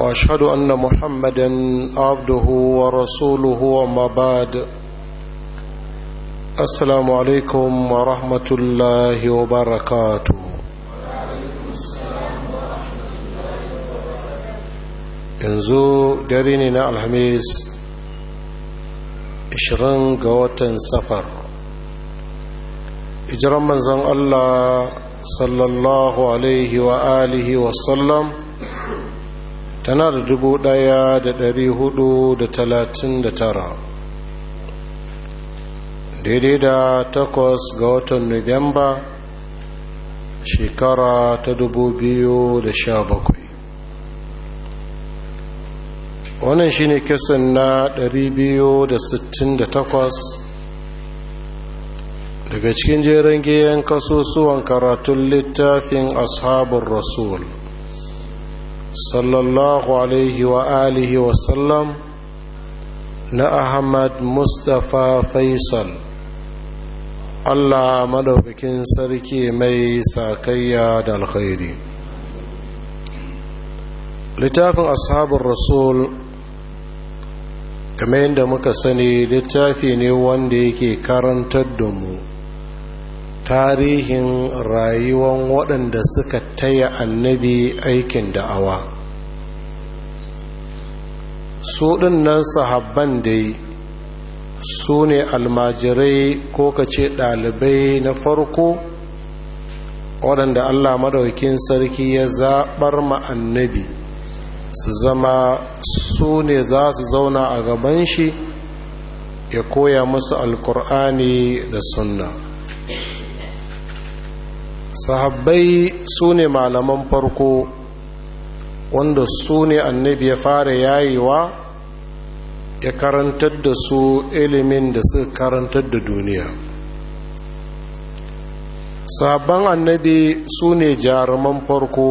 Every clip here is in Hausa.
واشهد ان محمدا عبده ورسوله وما بعد السلام عليكم ورحمه الله وبركاته yanzu dare ne na alhamis 20 ga watan safar ijiran manzan allah sallallahu alaihi wa alihi wasallam tana da dubu ɗaya da ɗari hudu da talatin da tara daidai da takwas ga watan nuwamba shekara ta dubu biyu da sha bakwai wannan shi ne kisan na biyu da da sittin takwas, daga cikin jerin giyan kasusuwan karatun littafin ashabin rasul صلى الله عليه وآله وسلم نأحمد مصطفى فيصل الله مدوبكين سركي مي ساكيا الخير لتاف أصحاب الرسول كما عند مكسني لتافي نيوان ديكي كارنتدمو tarihin rayuwan waɗanda suka taya annabi aikin da'awa su ɗinnan da dai su ne almajirai ko ka ce ɗalibai na farko waɗanda allah maɗaukin sarki ya zaɓar ma annabi su zama su ne za su zauna a gaban shi ya koya musu alkur'ani da sunna sahabbai su ne malaman farko wanda su ne annabi ya fara yayewa ya karantar da su ilimin da suka karantar da duniya sahabban annabi su ne jaruman farko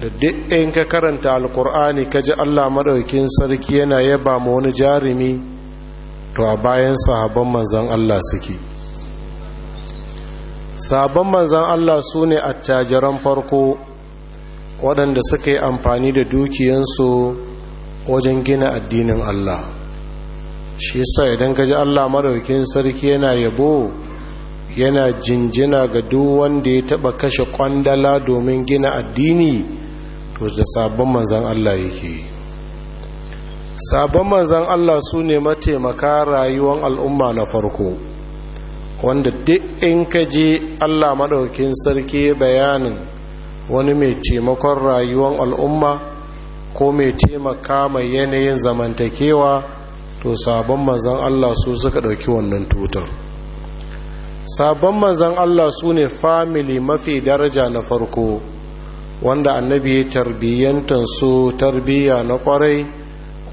da duk in ka karanta alkur'ani ka ji allah maɗaukin sarki yana yaba ma wani jarumi to a bayan sahabban manzan allah suke sabon manzan Allah su ne attajiran farko waɗanda suka yi amfani da dukiyansu wajen gina addinin Allah shi sa idan gaji Allah maraukin sarki yana yabo yana jinjina ga duk wanda ya taɓa kashe kwandala domin gina addini to da sabon manzan Allah yake sabon manzan Allah su ne mataimaka rayuwan al'umma na farko wanda duk in ka je allah maɗaukin sarki bayanin wani mai taimakon rayuwar al'umma ko mai taimaka mai yanayin zamantakewa to sabon manzan allah su suka ɗauki wannan tutar sabon manzan allah su ne famili mafi daraja na farko wanda annabi ya tarbiyyantar su tarbiyya na kwarai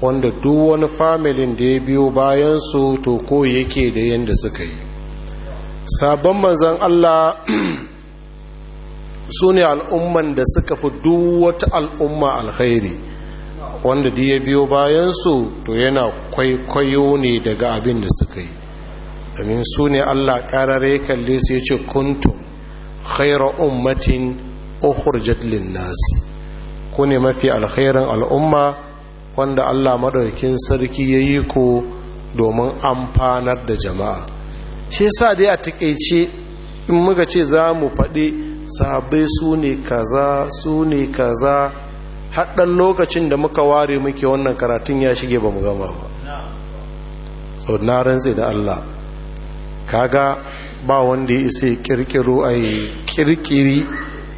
wanda duk wani familin da ya biyo bayansu to ko yake da yadda suka yi sabon manzan Allah su ne al'umman da suka fi duk wata al'umma alkhairi wanda da ya biyo bayansu to yana kwaikwayo ne daga abin da suka yi domin su ne Allah ƙarare kalle su ya ce kuntum khaira ummatin jadlin nasi ku ne mafi alkhairin al'umma wanda Allah maɗaukin sarki ya yi ku domin amfanar da jama'a shi sa dai a takaice in muka ce za mu faɗi sabai su ne kaza su ne kaza haɗin lokacin da muka ware muke wannan karatun ya shige ba mu gama ba so na rantse da Allah kaga ba wanda ya isa kirkiro a kirkiri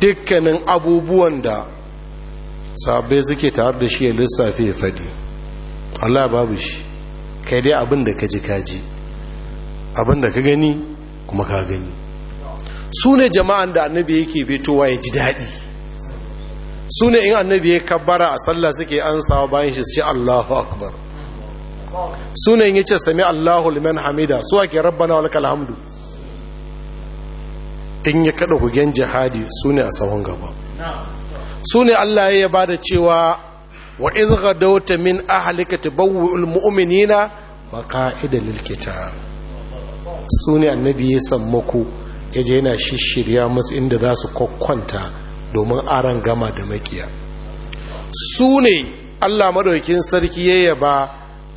dukkanin abubuwan da sabai suke tare da shi ya lissafi ya faɗi Allah babu shi kai dai abin da kaji kaji abinda ka gani kuma ka gani su ne jama'an da annabi yake fitowa ya ji daɗi su ne in annabi ya kabbara a sallah suke ansawa bayan shi ce allahu akbar su ne in ya ce sami allahu liman hamida su ake rabbana walakal hamdu in ya kada hugen jihadi su ne a sahun gaba su ne allah ya ba da cewa wa izga dauta min ahlika tabawwa'ul mu'minina maqa'ida lil qital su ne annabi ya sammako ya je yana shishirya masu inda za su kwakwanta domin aran gama da makiya su ne allah madaukin sarki ya yaba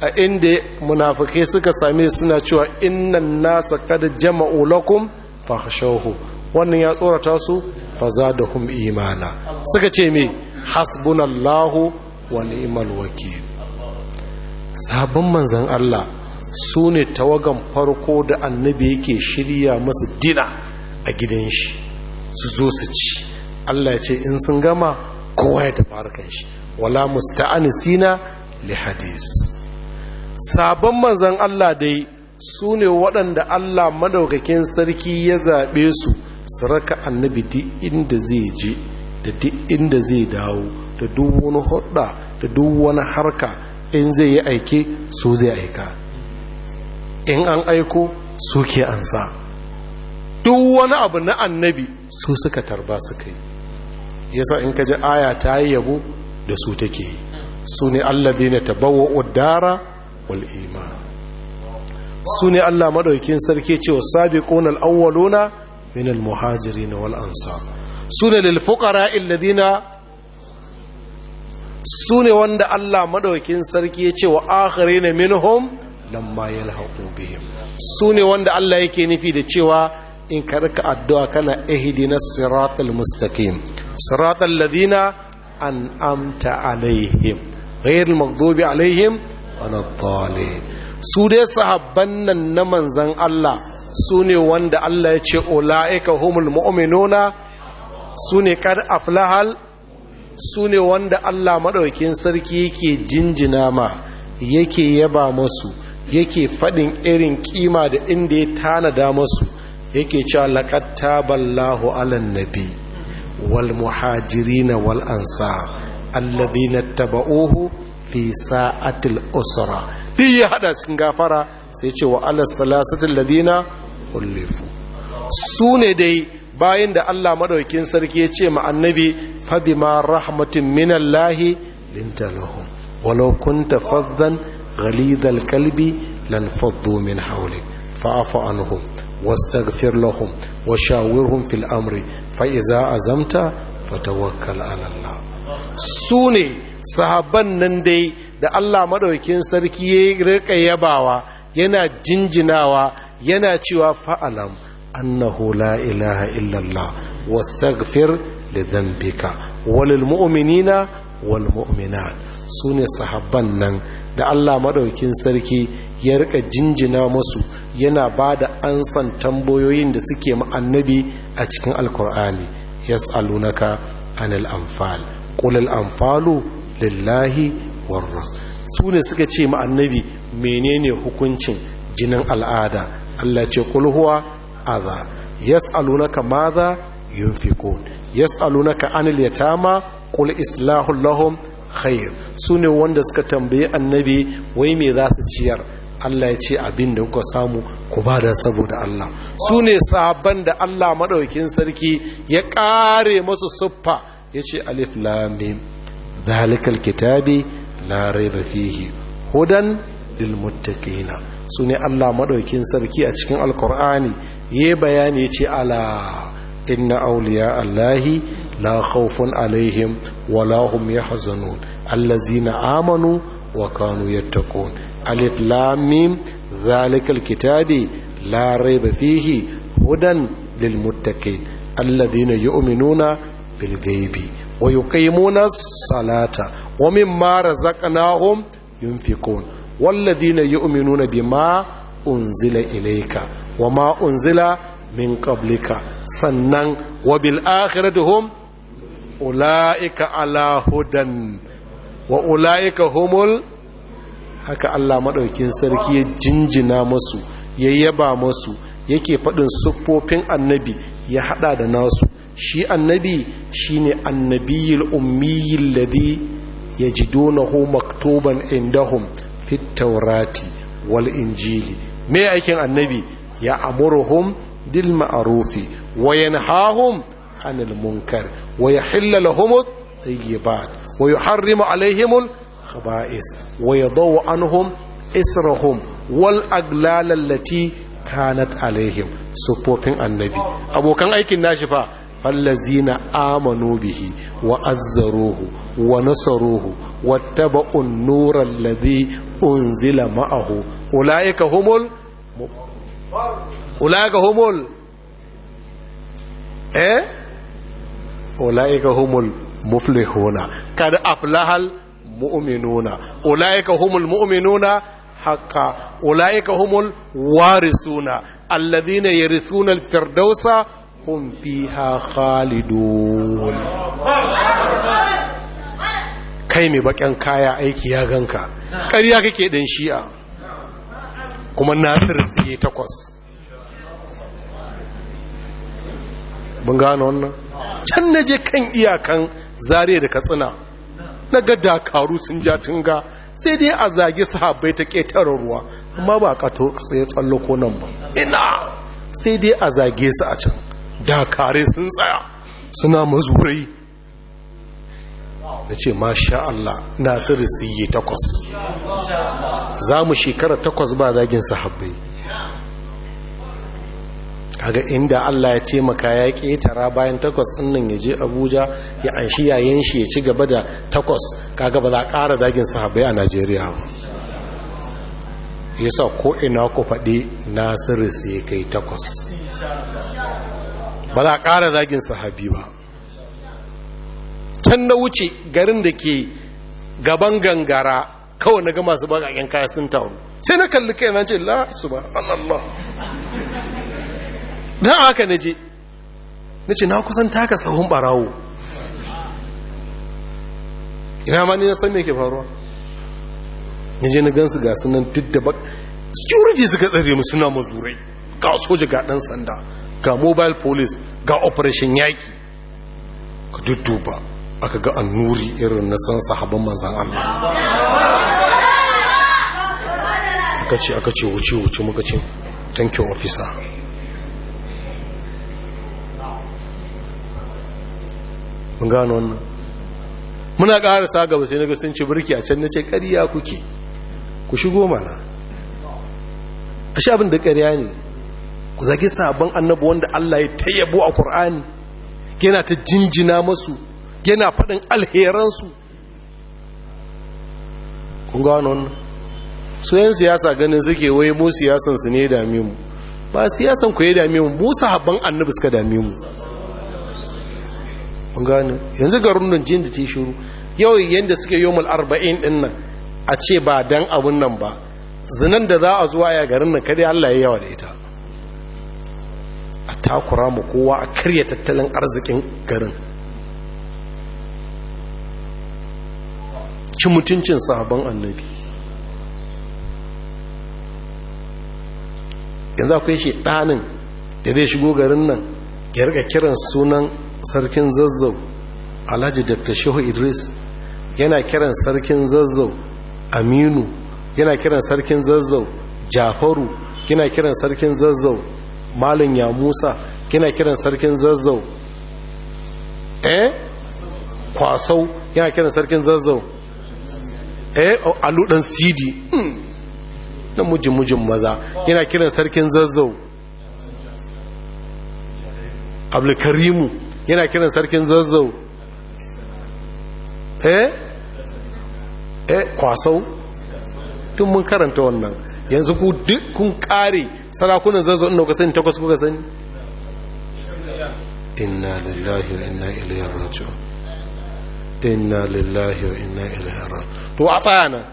a inda munafukai suka same suna cewa innan nasa kada jama'u lakum wannan ya tsorata su da hum imana suka ce me hasbunallahu wa ni'mal wakil sabon manzan Allah su ne tawagan farko da annabi yake shirya masu dina a gidan shi su zo su ci allah ce in sun gama kowa ya tafi harkar shi wala musta'anisina li hadis sabon manzan allah dai su ne waɗanda allah madaukakin sarki ya zaɓe su su raka annabi duk inda zai je da duk inda zai dawo da duk wani hudda da duk wani harka in zai yi aike su zai aika in an aiko suke ansa duk wani abu na annabi su suka tarba suka yi yasa in ka ji aya ta yi yabo da su take yi su ne allazi ne tabawa udara wal'ima iman su ne allah maɗaukin sarki cewa sabi al awwaluna min al na wal'ansa su ne lil fuqara su ne wanda allah maɗaukin sarki ya ce wa min minhum lamma yalhaqu bihim ne wanda Allah yake nufi da cewa in ka rika addu'a kana na siratal mustaqim siratal ladina an'amta alaihim ghayril maghdubi alaihim waladdallin su dai sahabban nan na manzan Allah su ne wanda Allah ya ce ula'ika humul mu'minuna su ne kad aflahal su ne wanda Allah maɗaukin sarki yake jinjina ma yake yaba masu yake faɗin irin kima da inda ya tanada masu yake cewa laƙatta ballahu alan nabi wal muhajirin wal ansar na tabauhu fi sa'atil usra Bi ya haɗa cikin gafara sai ce wa ala salasatil ladina ulifu su ne dai bayan da Allah maɗaukin sarki ya ce ma annabi fa rahmatin minallahi lahi. lahum walau kunta ghalidhal kalbi lan faddu min hawlik fa'fu anhum واستغفر لهم وشاورهم في الامر فاذا عزمت فتوكل على الله سوني sahabban nan dai da Allah madaukin sarki ya rika yabawa yana jinjinawa yana cewa fa'alam annahu la ilaha illallah wastaghfir li dhanbika walil mu'minina wal mu'minat sune sahabban nan da Allah maɗaukin sarki ya rika jinjina masu yana ba da ansan tambayoyin da suke annabi a cikin alkur'ani yas'alunaka anil anfal qul al lillahi warra. su ne suka ce ma menene hukuncin jinin al'ada Allah ce a za. Ya qul huwa adha yas'alunaka madha yunfiqun yas'alunaka anil yatama ƙul islahu lahum khair su ne wanda suka tambayi annabi wai me za su ciyar Allah ya ce abin da kuka samu ku ba da saboda Allah su ne sahabban da Allah maɗaukin sarki ya ƙare masu suffa ya ce alif lamim zalikal kitabi la raiba fihi hudan lil muttaqina su ne Allah maɗaukin sarki a cikin alkur'ani ya bayani ya ce ala inna auliya allahi la khawfun alaihim wala hum yahzanun allazina amanu wa kanu yattaqun alif lam zalikal kitabi la rayba fihi hudan lil muttaqin alladhina yu'minuna bil ghaibi wa yuqimuna na salata wa mimma razaqnahum yunfiqun walladhina yu'minuna bima unzila ilaika. wa ma unzila min qablika sannan wa bil akhirati hum ula'ika ala wa ula'ika humul haka Allah maɗaukin sarki ya jinjina masu ya yaba masu yake faɗin siffofin annabi ya haɗa da nasu shi annabi shi ne annabiyil ummiyil ladhi yajidunahu maktuban indahum fit taurati wal injili me aikin annabi ya amuruhum bil ma'rufi wa yanhahum عن المنكر ويحل لهم الطيبات ويحرم عليهم الخبائث ويضو عنهم إسرهم والأغلال التي كانت عليهم سبوبين النبي أبو كان أيكي ناشفة فالذين آمنوا به وأزروه ونصروه واتبعوا النور الذي أنزل معه أولئك هم أولئك هم ال... إيه ulaika humul muflihuna kad aflahal mu'minuna ulaika humul mu'minuna ula'ika humul warisuna alladhina yarithuna al-firdausa hum fiha khalidun kai mai bakin kaya aiki ya ganka ƙarya kake ɗin shi'a kuma nasir siye takwas bun gano wannan can na je kan iyakan zare da katsina na ga dakaru sun ja tunga sai dai a zage sahabbai ta ƙetare ruwa amma ba a tsaye tsallo ko nan ba ina sai dai a zage su a can dakare sun tsaya suna mazurai na ce masha Allah nasiru su yi takwas za mu shekara takwas ba zagin sahabbai kaga inda Allah ya taimaka ya ƙetara bayan takwas sannan ya je Abuja ya anshi yayin shi ya ci gaba da takwas kaga ba za a ƙara zagin sahabai a Najeriya ba yasa ko ina ku faɗi Nasiru sai kai takwas ba za a ƙara zagin sahabi ba can na wuce garin da ke gaban gangara kawai na ga masu bakaƙen kaya sun taun sai na kalli kai na ce la allah don haka na je na ce na kusan taka sahun barawo ina ma ni na san me ke faruwa na je na gansu ga sunan duk da ba security suka tsare mu suna mazurai ga soja ga dan sanda ga mobile police ga operation yaki ka dudduba aka ga annuri irin na san sahabban manzan Allah aka ce aka ce wuce wuce muka ce thank you officer mun gano wannan muna ƙarasa gaba sai naga sun ci birki a can na ce ƙarya kuke ku shigo mana a shi abin da ƙarya ne ku zagi sabon annabu wanda Allah ya tayyabo a Kur'ani yana ta jinjina masu yana faɗin alheransu kun gano wannan su yan siyasa ganin suke wai mu siyasansu ne ya dame mu ba siyasan ku ya dame mu mu sabon annabu suka dame mu kun gane yanzu garin nan jin da ta yi shiru yau yadda suke yomul arba'in din nan a ce ba dan abun nan ba zinan da za a zuwa ya garin nan kada Allah ya yawa da ita a takura mu kowa a karya tattalin arzikin garin ci mutuncin sahabban annabi yanzu akwai shi ɗanin da zai shigo garin nan ya rika kiran sunan sarkin zazzau alhaji dr shehu idris yana kiran sarkin zazzau aminu yana kiran sarkin zazzau jafaru yana kiran sarkin zazzau malin ya musa yana kiran sarkin zazzau eh kwasau yana kiran sarkin zazzau eh oh, aludan sidi hmm. na mujimujin maza yana kiran sarkin zazzau abulkarimu yana kiran sarkin zazzau eh eh kwasau tun mun karanta wannan yanzu ku duk kun kare sarakunan zazzau ɗin kuka sani takwas kuka sani inna lillahi wa inna ilayhi raji'un inna lillahi wa inna ilayhi raji'un to a tsaya nan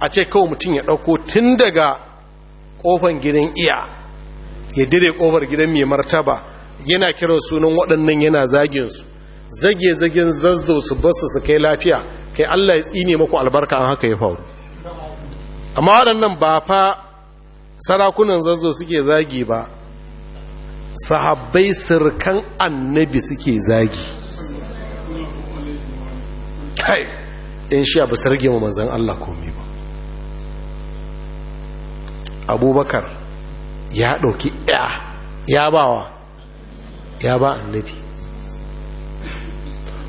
a ce kawai mutum ya dauko tun daga kofan gidan iya ya dire kofar gidan mai martaba yana kiran sunan waɗannan yana zaginsu, su zage zagen zazzau su basu su kai lafiya kai Allah ya tsine maku albarka an haka ya faru amma waɗannan ba fa sarakunan zazzau suke zagi ba sahabbai sirkan annabi suke zagi kai in shi abu sarge ma manzan Allah komi ba abubakar ya ɗauki ya ya bawa ya ba annabi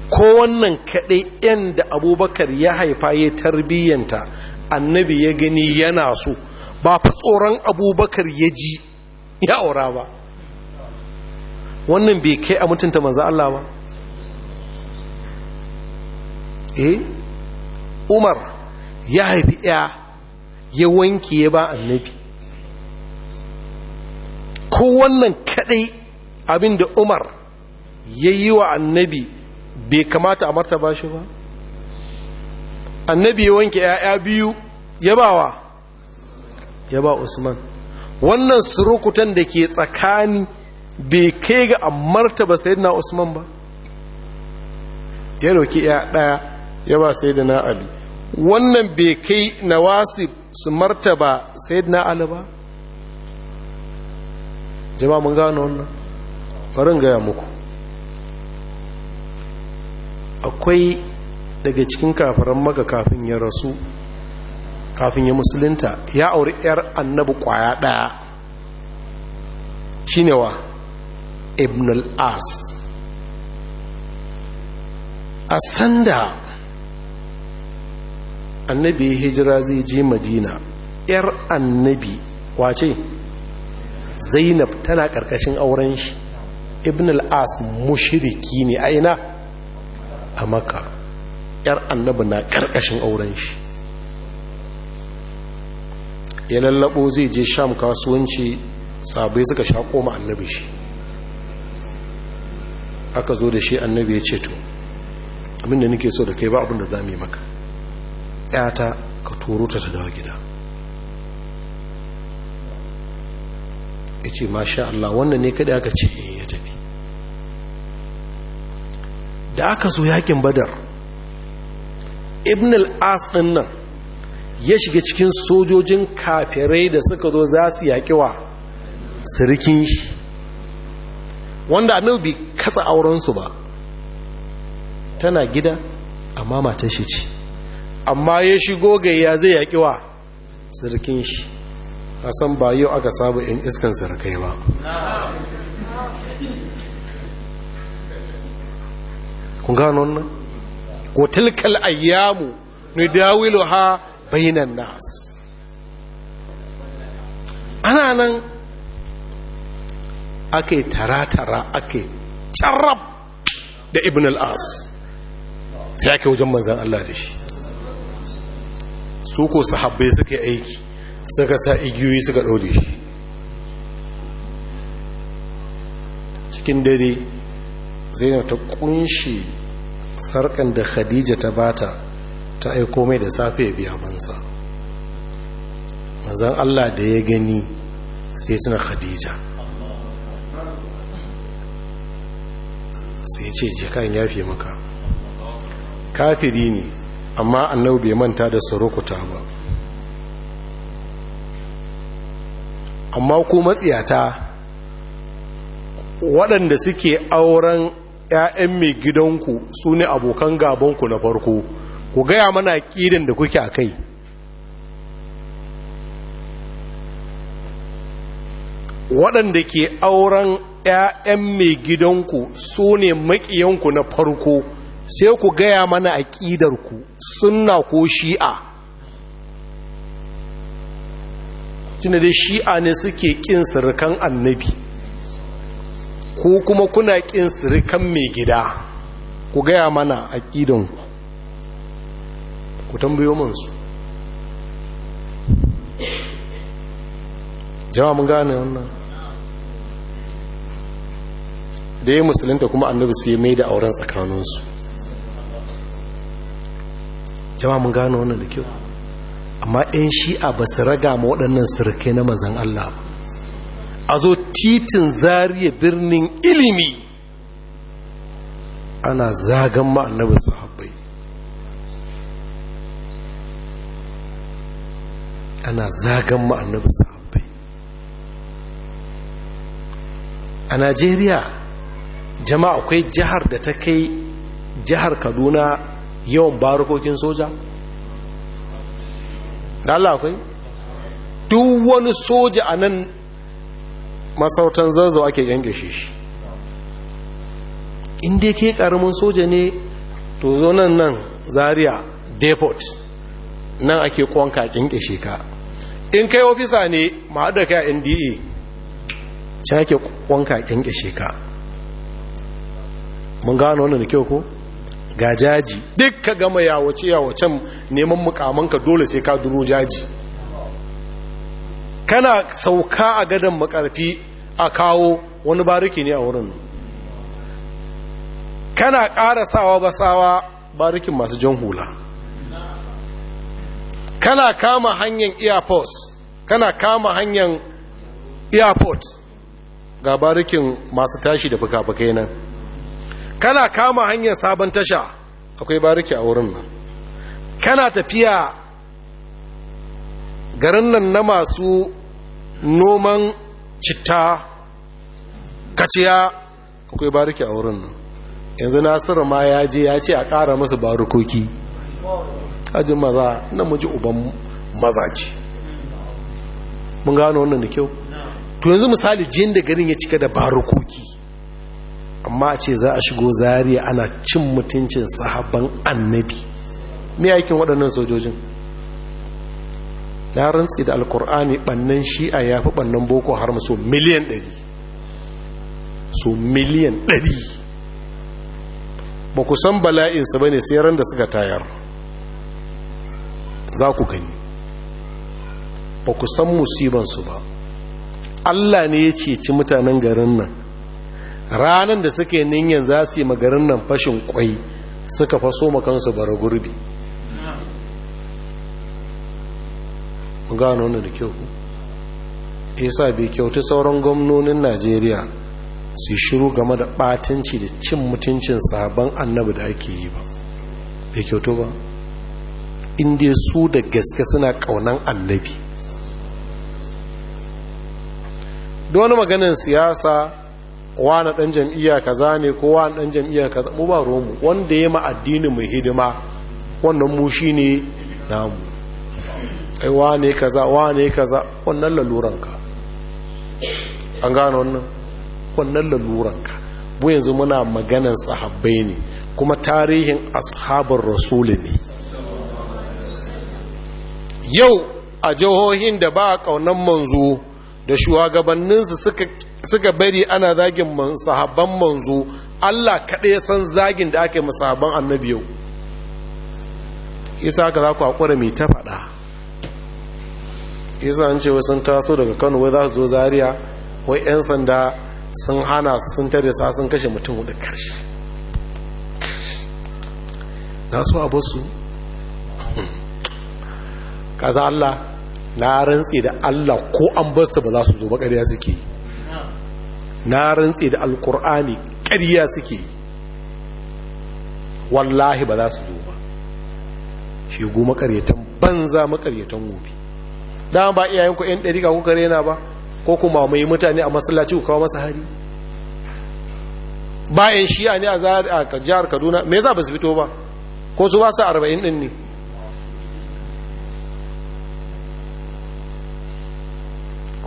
ko wannan kaɗai yan da abubakar ya haifa ya tarbiyyanta annabi ya gani yana so ba fa tsoron abubakar ya ji ya aura ba wannan bai kai a mutunta maza Allah ba eh Umar ya haifi ya ya wanke ya ba annabi ko wannan kaɗai. abin da umar ya yi wa annabi bai kamata a martaba shi ba annabi ya wanke 'ya'ya biyu ya ba wa? ya ba usman wannan surukutan da ke tsakani bai kai ga a martaba sayidina usman ba ya roki 'ya ɗaya ya ba sayidina ali wannan bai kai na wasu su martaba sayidina ali ba jama'a mun gano wannan farin gaya muku akwai daga cikin kafiran maka kafin ya rasu kafin ya musulunta ya auri 'yar annabi kwaya ɗaya shinewa wa ibn al'as a sanda annabi hijira zai je madina 'yar annabi wace zainab tana ƙarƙashin auren shi ibn as mushiriki ne a ina a maka ‘yar annabi na ƙarƙashin auren shi ya lallabo zai je sham kasuwanci sabai suka sha koma annabi shi aka zo da shi annabi ya ce to da nake so da kai ba abin da za mu yi maka ‘yata ka turo ta ta dawa gida ya ce masha Allah wannan ne kada aka ce eh, ya tafi da aka so yakin badar ibn al-as din nan ya shiga cikin sojojin kafirai da suka zo za su yaƙi wa sirikin shi wanda annabi bai katsa aurensu ba tana gida amma matar shi ce amma ya shigo gayya zai yaƙi wa sirikin shi a san ba yau aka saba 'yan iskan sirikai ba kun gano wannan wa tilkal ayyamu ha bainan nas ana nan ake tara-tara ake carrab da ibn as. sai ake wajen manzan Allah da shi su ko sahabbai suka yi aiki suka sa igiyoyi suka ɗaure shi cikin dare zainab ta kunshi sarkan da khadija ta bata ta aiko mai da safe ya biya bansa manzan allah da ya gani sai tuna khadija sai ce jikan ya fi maka kafiri ne amma annau bai manta da surukuta ba amma ko matsiyata waɗanda suke auren 'ya'yan mai gidanku su ne abokan gabanku na farko ku gaya mana ƙirin da kuke a kai waɗanda ke auren 'ya'yan mai gidanku su ne maƙiyanku na farko sai ku gaya mana a ƙidarku suna ko shi'a tunade shi'a ne suke ƙin surukan annabi Ko kuma kuna ƙin sirikan mai gida ku gaya mana a ƙidanku ku tambayo mansu jama'a mun gane wannan da ya musulunta kuma annabi su yi mai da auren tsakaninsu jama mun gane wannan da kyau amma 'yan shi'a ba su raga ma waɗannan sirikai na mazan Allah ba a zo titin zariya birnin ilimi ana zagan ma'annabin sahabbai ana zagan ma'annabin sahabbai a najeriya jama'a akwai jihar da ta kai jihar kaduna yawan barukokin soja? da Allah akwai? duk wani soja a nan masautan zazzau ake yangashe shi inda ke karamin soja ne to zo nan nan zaria depot nan ake kwanka kyankyashe ka in kai ofisa ne ma da ka nda ci ake kwanka kyankyashe ka mun gano wannan da kyau ko ga jaji duk ka gama yawace yawacen neman mukamanka dole sai ka duro jaji kana sauka a gadon makarfi a kawo wani bariki ne a wurin kana ƙarasawa basawa barikin masu jan hula kana kama hanyar airports kana kama hanyar airport ga barikin masu tashi da fuka-fukai nan kana kama hanyar sabon tasha akwai bariki a wurin nan kana tafiya garin nan na masu noman citta kaciya akwai bariki a wurin nan yanzu nasiru ma ya je ya ce a ƙara masa barukoki Ajin maza na muji uban maza ce mun gano wannan da kyau to yanzu misali jin da garin ya cika da barukoki amma a ce za a shigo zariya ana cin mutuncin sahabban annabi mai aikin waɗannan sojojin ya rantsi da alkur'ani bannan shi'a ya fi bannan boko haram so miliyan ɗari so miliyan ɗari ba ku san bala'insa ba ne sai ran da suka tayar za ku gani ba ku san musibansu ba allah ne ya ceci mutanen garin nan ranar da suke ninyan za su yi magarin nan fashin kwai suka faso makansu bara gurbi mun gano wannan da kyau yasa bai kyauta sauran gwamnonin najeriya su shiru game da batanci da cin mutuncin sabon annabi da ake yi ba bai kyautu ba inda su da gaske suna kaunan annabi da wani maganin siyasa wani dan jam'iyya kaza ne ko wani dan jam'iyya kaza mu ba romu wanda ya ma addini mai hidima wannan mu shine namu ai wane kaza wane kaza wannan laluranka an gano wannan wannan laluranka bu yanzu muna maganan sahabbai ne kuma tarihin ashabar rasuli ne yau a jihohin da ba a kaunan manzo da shugabanninsu suka bari ana zagin sahabban manzo allah kaɗai san zagin da ake masahaban annabi yau isa ka za ku haƙura mai ta faɗa yasa an ce sun taso daga kano wai za su zo Zariya? wai 'yan sanda sun hana su sun tare sa sun kashe mutum hudu karshe na so a su. kaza allah na rantsi da allah ko an basu ba za su zo bakariya suke yi na rantsi da alkur'ani kariya suke yi wallahi ba za su zo ba shi goma ƙaryatan banza makaryatan gobe dama ba iyayenku yan ɗari ɗariƙa kuka rena ba ko kuma mai mutane a masallaci ku kawo masa hari bayan shi'a ne a jihar kaduna me za ba su fito ba ko su ba su arba'in ɗin ne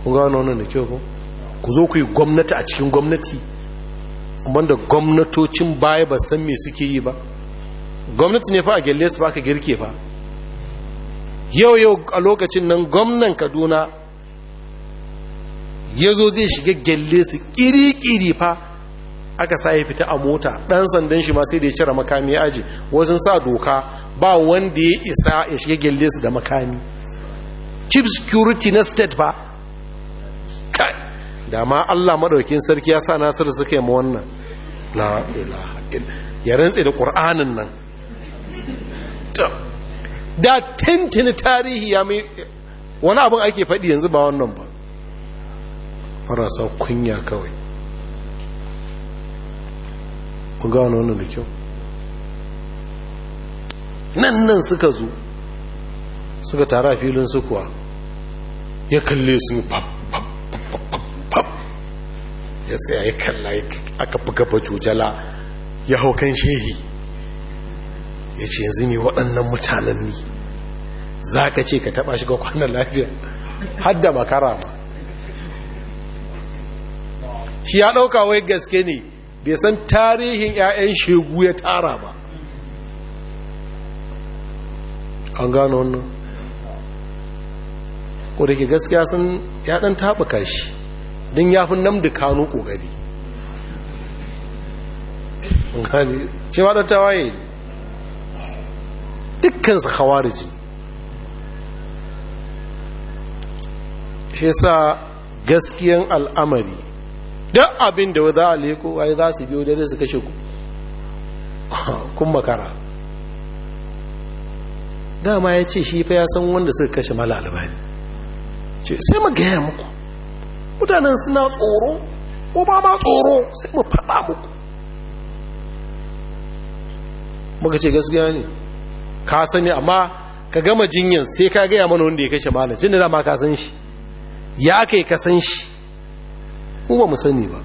ku gano wannan da kyau ko ku zo ku yi gwamnati a cikin gwamnati wanda gwamnatocin baya ba san me suke yi ba gwamnati ne fa a gyalle su ba ka girke ba yau yau a lokacin nan gwamnan kaduna ya zo zai shiga gyalle su kiri kiri fa aka sa ya fita a mota ɗan sandan shi ma sai da ya cire makami aji wajen sa doka ba wanda ya isa ya shiga gyalle su da makami chief security na state ba kai da ma allah maɗaukin sarki ya sa nasiru suka yi ma wannan la ya rantse da ƙur'anin nan da tintini tarihi ya mai wani abin ake faɗi yanzu ba wannan ba marasa kunya kawai ku gano wannan da kyau nan nan suka zo suka tara filin sukuwa ya kalle su pap. ya tsaya ya kalla aka fi gaba jojala. ya hau kan shehi ya ce yanzu ne waɗannan mutanen ne. za ka ce ka taba shiga kwanan lafiya hadda makara ma shi ya ɗauka wai gaske ne bai san tarihin 'ya'yan shegu ya tara ba an gano wannan ko da ke gaskiya sun ya ɗan taba kashi don ya fi namda kano kogari. ce ma ɗan tawaye dukkansu hawariji shi sa gaskiyan al'amari duk abin da za a leko za su biyo dare su kashe ku kun makara dama ya ce shi fa ya san wanda suka kashe mala albani ce sai mu gaya muku mutanen suna tsoro ko ba ma tsoro sai mu faɗa muku muka ce gaskiya ne ka sani amma ka gama jinyan sai ka gaya mana wanda ya kashe malam jinda da dama ka san shi ya ka yi kasan shi ko ba mu sani ba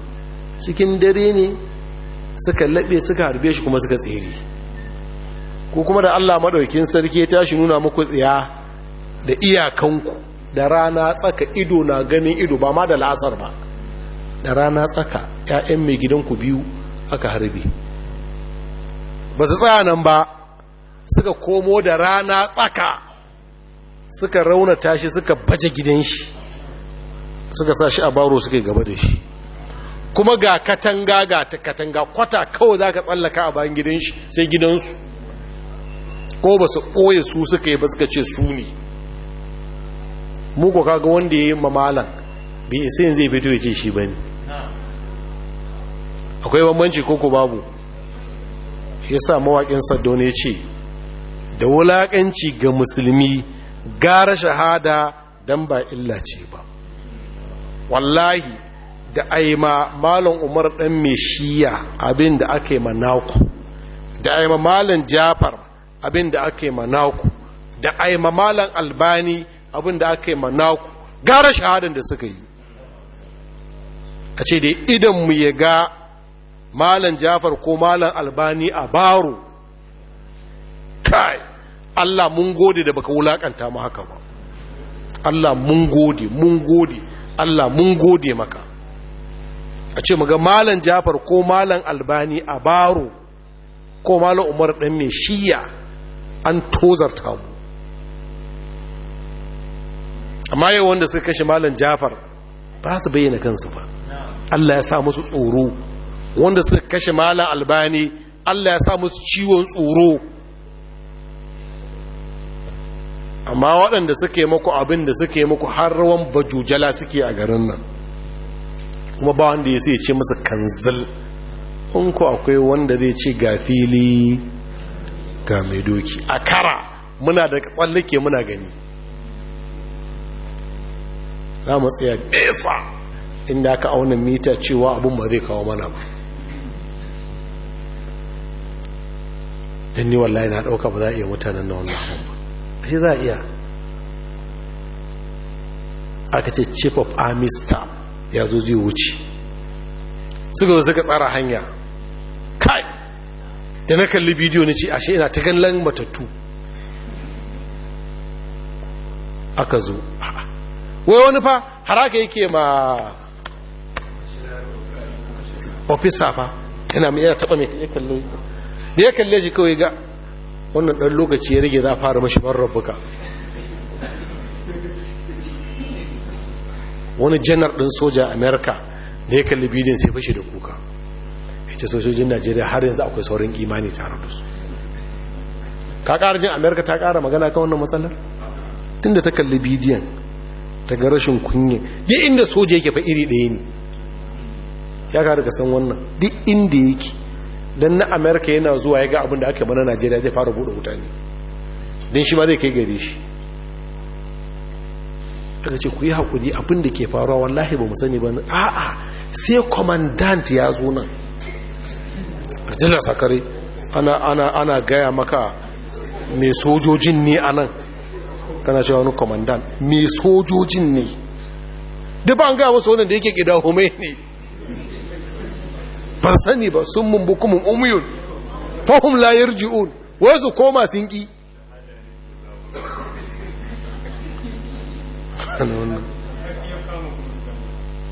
cikin dare ne suka laɓe suka harbe shi kuma suka tsere ko kuma da allah maɗaukin sarki ya tashi nuna muku tsaya da iyakanku da rana tsaka ido na ganin ido ba ma da la'asar ba da rana tsaka 'ya'yan mai gidanku biyu aka harbe ba su tsaya nan ba suka komo da rana tsaka suka raunata shi suka baje gidan shi suka sa shi a baro suke gaba da shi kuma ga katanga ga ta katanga kwata kawai za ka tsallaka a bayan gidan shi sai gidansu ko ba su ɓoye su suka yi ba suka ce su ne muku kaga wanda ya yi mamalan bai isa yin zai fito ya ce shi ba ne akwai bambanci ko ku babu ya sa mawaƙin saddon ya ce da wulaƙanci ga musulmi gara shahada don ba illa ce ba wallahi da aima malam umar dan mai shiya abin da ake manaku da aima malam jafar abin da ake manaku da aima malam albani abin da ake manaku gara shahadan da suka yi a ce da idanmu ya ga malam jafar ko malam albani a baro kai Allah mun gode da baka wulakanta mu haka ba Allah mun gode mun gode Allah mun gode maka a ce muga malan jafar ko malan albani a baro ko malan umar ɗan mai shiya an tozarta mu amma yau wanda suka kashe malan jafar ba su bayyana kansu ba Allah ya sa musu tsoro wanda suka kashe malan albani Allah ya sa musu ciwon tsoro amma waɗanda suke muku abin da suke muku har rawan bajujala suke a garin nan kuma ba wanda ya ce musu kanzil in ku akwai wanda zai ce gafili fili ga mai doki a kara muna da tsallake muna gani za mu tsaya nesa inda aka auna mita cewa abin ba zai kawo mana ba in ni wallahi na ɗauka ba za a iya mutanen na wannan shi za a iya aka ce chief of army staff ya zo zai wuce suka zo suka tsara hanya kai da na kalli bidiyo na ce ashe ina ta kallon matattu aka zo wai wani fa haraka yake ma ofisa fa yana mai yana taɓa mai ya kalli da ya kalli shi kawai ga wannan ɗan lokaci ya rage za a fara mashi man rabbuka wani janar ɗin soja a amerika da ya kalli bidiyon sai fashe da kuka ita sojojin najeriya har yanzu akwai saurin imani tare da su ka ƙara jin amerika ta ƙara magana kan wannan matsalar tun da ta kalli bidiyon ta ga rashin kunye duk inda soja yake fa iri ɗaya ne ya ka san wannan duk inda yake don na amerika yana zuwa ya ga abin da aka mana najeriya zai fara buɗe wuta ne don shi ma zai kai gare shi aka ce ku yi haƙuri abin da ke faruwa wallahi ba mu sani ba a'a sai commandant ya zo nan a jina Sakari ana gaya maka mai sojojin ne a nan kana cewa wani commandant mai sojojin ne duk an gaya wasu wani da yake gida homai ne Ba sani ba sun mun bukumin umuyun fahim layar ji'un, wai su koma sun ƙi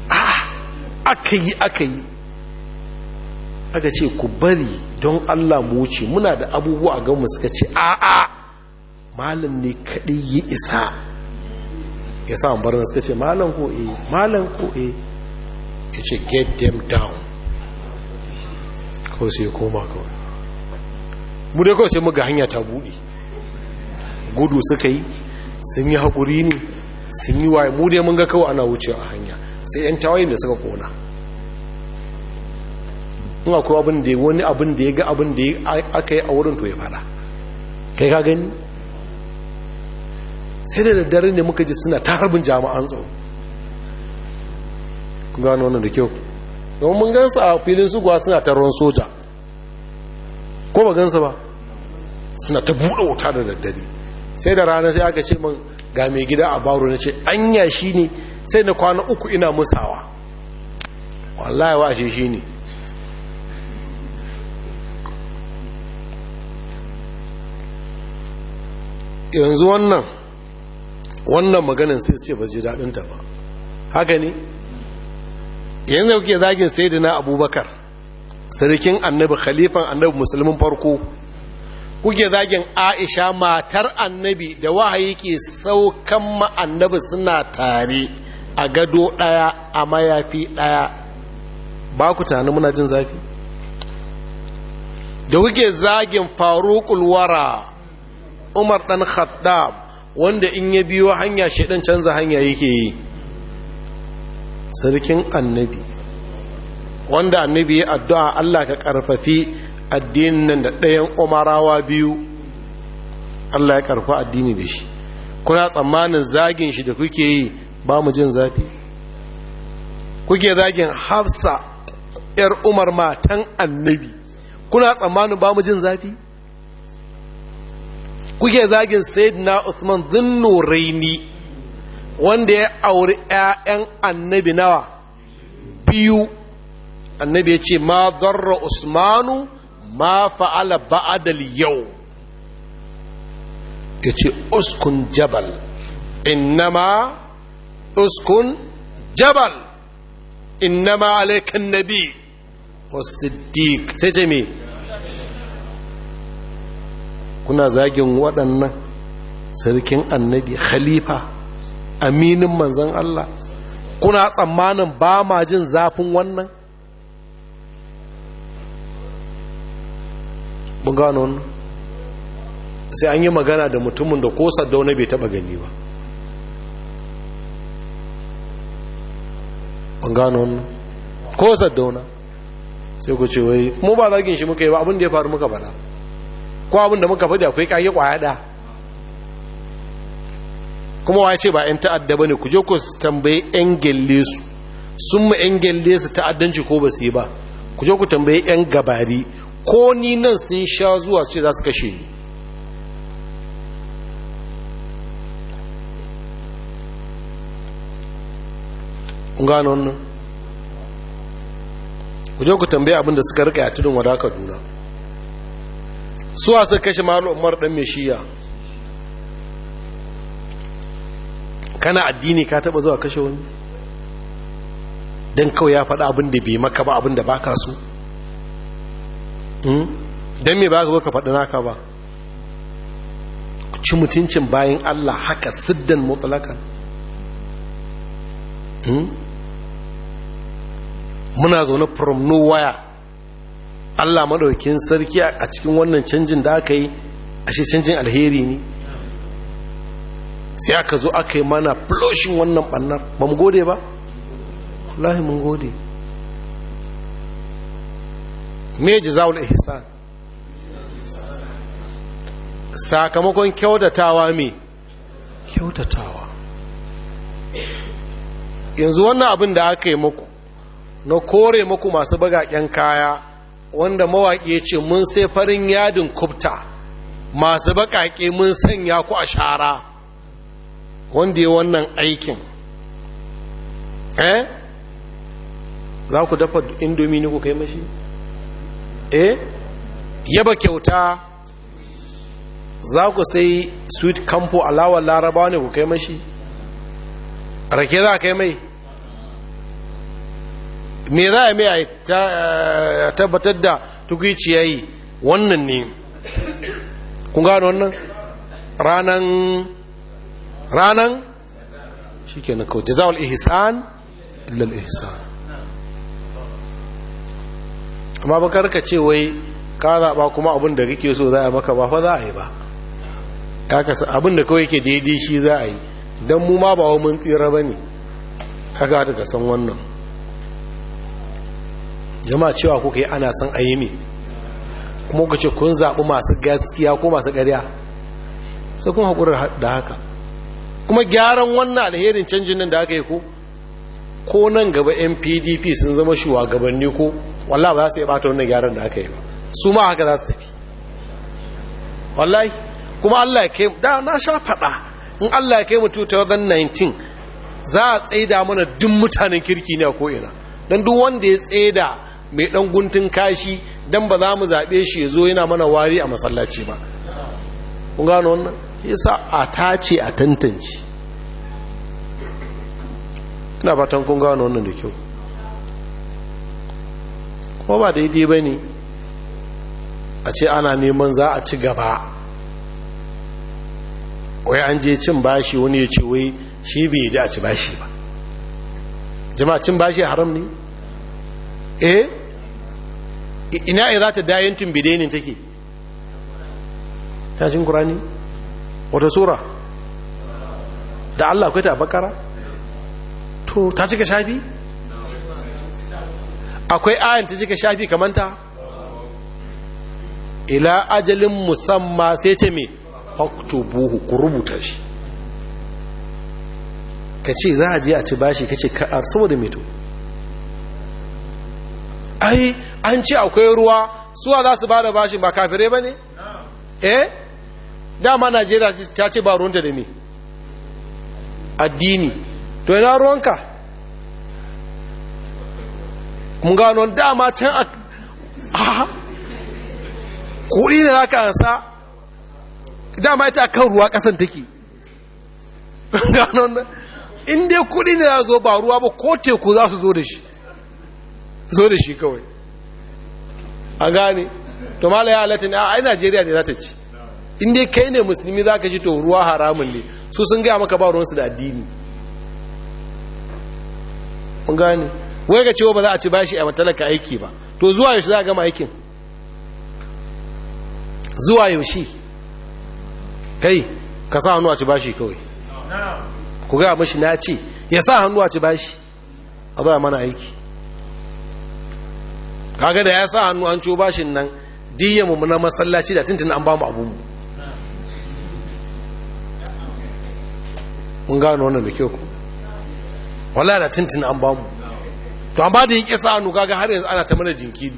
ah, aka yi aka yi aka ce ku bari don Allah mu wuce muna da abubuwa a gama suka ce a'a malam ne kaɗai yi isa ya sa ambarin suka ce malam ko eh malam ko eh ya ce get them down kawai sai koma kawai mu dai kawai sai muga hanya ta buɗe gudu suka yi sun yi haƙuri ne sun yi waye mu dai mun ga kawai ana wucewa a hanya sai 'yan tawayin da suka kona in akwai abin da wani abin da ya ga abin da aka yi a wurin to ya fara kai ka gani sai da daddare ne muka ji suna ta harbin jami'an tsaro gano wannan da kyau don mun gansu a filin suguwa suna taron soja ko ba gansu ba suna ta buɗe wuta da daddare sai da rana sai aka ce min ga mai gida a baro na ce anya shi ne sai na kwana uku ina musawa wallahi wa shi shi ne yanzu wannan wannan maganin sai ce ba ji daɗinta ba haka ne yanzu kuke zagin na abubakar sarkin annabi khalifan annabi musulmin farko kuke zagin aisha matar annabi da wahayi ke saukan maannabi suna tare a gado ɗaya a mayafi ɗaya ba ku tani muna jin zafi da kuke zagin farukul wara umar dan khaddam wanda in ya biyo hanya shi dan canza hanya yake yi sarkin annabi wanda annabi ya addu'a Allah ka karfafi addinin nan da ɗayan umarawa biyu Allah ya karfa addini da shi kuna tsammanin zagin shi da kuke yi ba mu jin zafi kuke zagin hafsa ‘yar umar matan annabi kuna tsammanin ba mu jin zafi kuke zagin sayyidina Uthman zinno raini wanda ya auri 'ya'yan annabi nawa biyu annabi ya ce ma zarra usmanu ma fa'ala ba'adal yau ya ce uskun jabal innama uskun jabal innama alaikan nabi wasiddiq sai ce me kuna zagin waɗannan sarkin annabi khalifa aminin manzan Allah kuna tsammanin ba ma jin zafin wannan mun gano wannan sai an yi magana da mutumin da ko saddauna bai taba gani ba mun gano wannan ko saddauna sai ku ce wai mu ba zagin shi muka yi ba abin da ya faru muka bada ko abin da muka fadi akwai kayi kwaya ɗaya kuma wa ce ba 'yan ta'adda ba ne ku je ku tambaye 'yan gelle su sun ma 'yan gelle su ta'addanci ko ba su yi ba ku je ku tambaye 'yan gabari ko ni nan sun sha zuwa su ce za su kashe ni gano wannan ku je ku tambaye abinda suka rika ya tudun wadaka duna suwa suka kashe malu umar dan shiya. kana addini ka taba zuwa kashe wani don kawai ya faɗa abin da bai maka ba abin da ba ka so hmm? don me ba ka zo ka faɗi naka ba ci mutuncin bayan allah haka siddan mutlakan hmm? muna zaune from nowhere allah maɗaukin sarki a cikin wannan canjin da aka yi ashe canjin alheri ne sai aka zo aka yi mana ploshin wannan bannar ba mu gode ba wallahi mun gode me jazawul ihsan sakamakon kyautatawa me kyautatawa yanzu wannan abin da aka yi muku na kore muku masu bagaƙen kaya wanda mawaƙi ya ce mun sai farin yadin kubta masu bakaƙe mun sanya ku a shara wanda ya wannan aikin eh za ku dafa indomi ne ku kai mashi eh yaba kyauta za ku sai sweet campo alawar Laraba ne ku kai mashi rake za a kai mai me za a mai a eh, tabbatar da tukwici ya yi wannan ne kun gano wannan ranar ranan shi ke kenan kawai jaza'ul ihsan illal ihsan amma ba karka ce wai ka zaɓa kuma abin da kake so za a maka ba fa za a yi ba ya kasa abin da kawai ke daidai shi za a yi don mu ma ba mun tsira ba ne kaga daga san wannan jama'a cewa kuka yi ana san ayyami kuma kuka ce kun zaɓi masu gaskiya ko masu ƙarya sai kun haƙurar da haka kuma gyaran wannan alherin canjin nan da aka yi ko ko nan gaba mpdp sun zama shugabanni ko wallah ba za su yi bata wannan gyaran da aka yi ba su ma haka za su tafi wallahi kuma allah ya kai da na sha faɗa in allah ya kai mu 2019 za a tsaida mana duk mutanen kirki ne a ko'ina don duk wanda ya tsaida mai ɗan guntun kashi don ba za mu zaɓe shi ya zo yana mana wari a masallaci ba kun gano wannan sa a tace a tantance ina fatan kun gano wannan da kyau ko ba daidai ba ne a ce ana neman za a ci gaba wai an je cin bashi wani ya ce wai shi bai yi a ci bashi ba jama'a cin bashi haram ne eh ina ya za ta dayantin bidenin take ta cikin ƙurani wata sura da Allah akwai ta bakara to ta cika shafi akwai ayin ta cika shafi kamanta ila ajalin musamma sai ce me buhu ku rubuta shi ka ce za a je a ci bashi ka ce ka'ar saboda meto ai an ce akwai ruwa suwa za su ba da bashin ba kafirai ba ne eh dama najeriya ta ce ba ruwanta da me addini to yana ruwanka mun gano dama can a kuɗi ne za ka ansa dama ita kan ruwa ƙasan take gano in dai kuɗi ne za zo ba ruwa ba ko teku za su zo da shi zo da shi kawai a gane to mala ya halatta ne a ai najeriya ne za ta ci in dai kai ne musulmi za ka ji to ruwa haramun ne su sun gaya maka ba ruwansu da addini mun gane wai ga cewa ba za a ci bashi a matalaka aiki ba to zuwa yaushe za a gama aikin zuwa yaushe kai ka sa hannu a ci bashi kawai ku gaya mashi na ce ya sa hannu a ci bashi a zuwa mana aiki kaga da ya sa hannu an co bashin nan diyanmu na masallaci da tuntun an ba mu abunmu mun gano wannan da kyau ku wallahi da tintin an ba mu to an ba da yake sa hannu kaga har yanzu ana ta mana jinkiri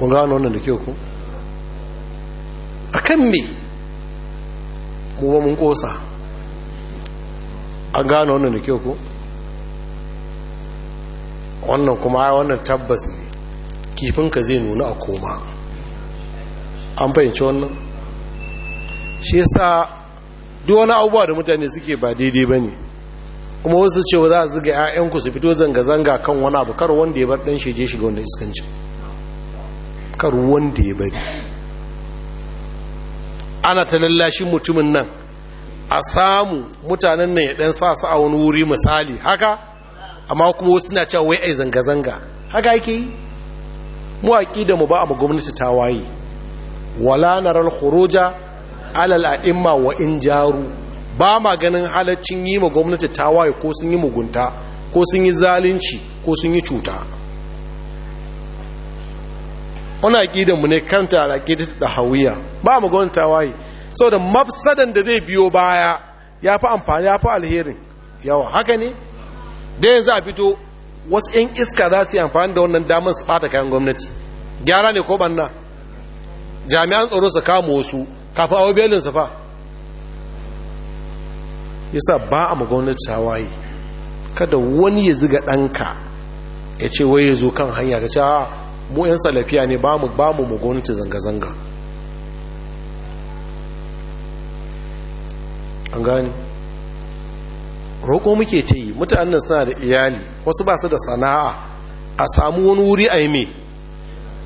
mun gano wannan da kyau ku akan me mu ba mun kosa an gano wannan da kyau ku wannan kuma wannan tabbas ne kifinka zai nuna a koma an fahimci wannan shi sa duk wani abubuwa da mutane suke ba daidai ba ne kuma wasu cewa za a zuga 'ya'yanku su fito zanga-zanga kan wani abu kar wanda ya bar ɗan shi je shiga wanda iskanci kar wanda ya bari ana ta lallashi mutumin nan a samu mutanen nan ya ɗan sa su a wani wuri misali haka amma kuma wasu na cewa wai ai zanga-zanga haka yake yi mu da mu ba a gwamnati ta waye wala narar khuruja alal a'imma wa in jaru ba ma ganin halaccin yi ma gwamnati tawaye ko sun yi mugunta ko sun yi zalunci ko sun yi cuta wani aƙidanmu ne kanta alaƙidar da hawiya ba mu gwamnati tawaye da mafsadan da zai biyo baya ya fi amfani ya fi alherin yawa haka ne da yanzu a fito wasu 'yan iska za su yi amfani da wannan damar su fata kayan gwamnati gyara ne ko banna jami'an tsaro su kama wasu kafin awo belinsa fa yasa ba a magwamnati hawaye kada wani ya ziga ɗanka ya ce wai ya zo kan hanya ka cewa mu 'yan salafiya ne ba mu ba mu zanga-zanga an gani roƙo muke ta yi mutanen suna da iyali wasu ba su da sana'a a samu wani wuri a yi mai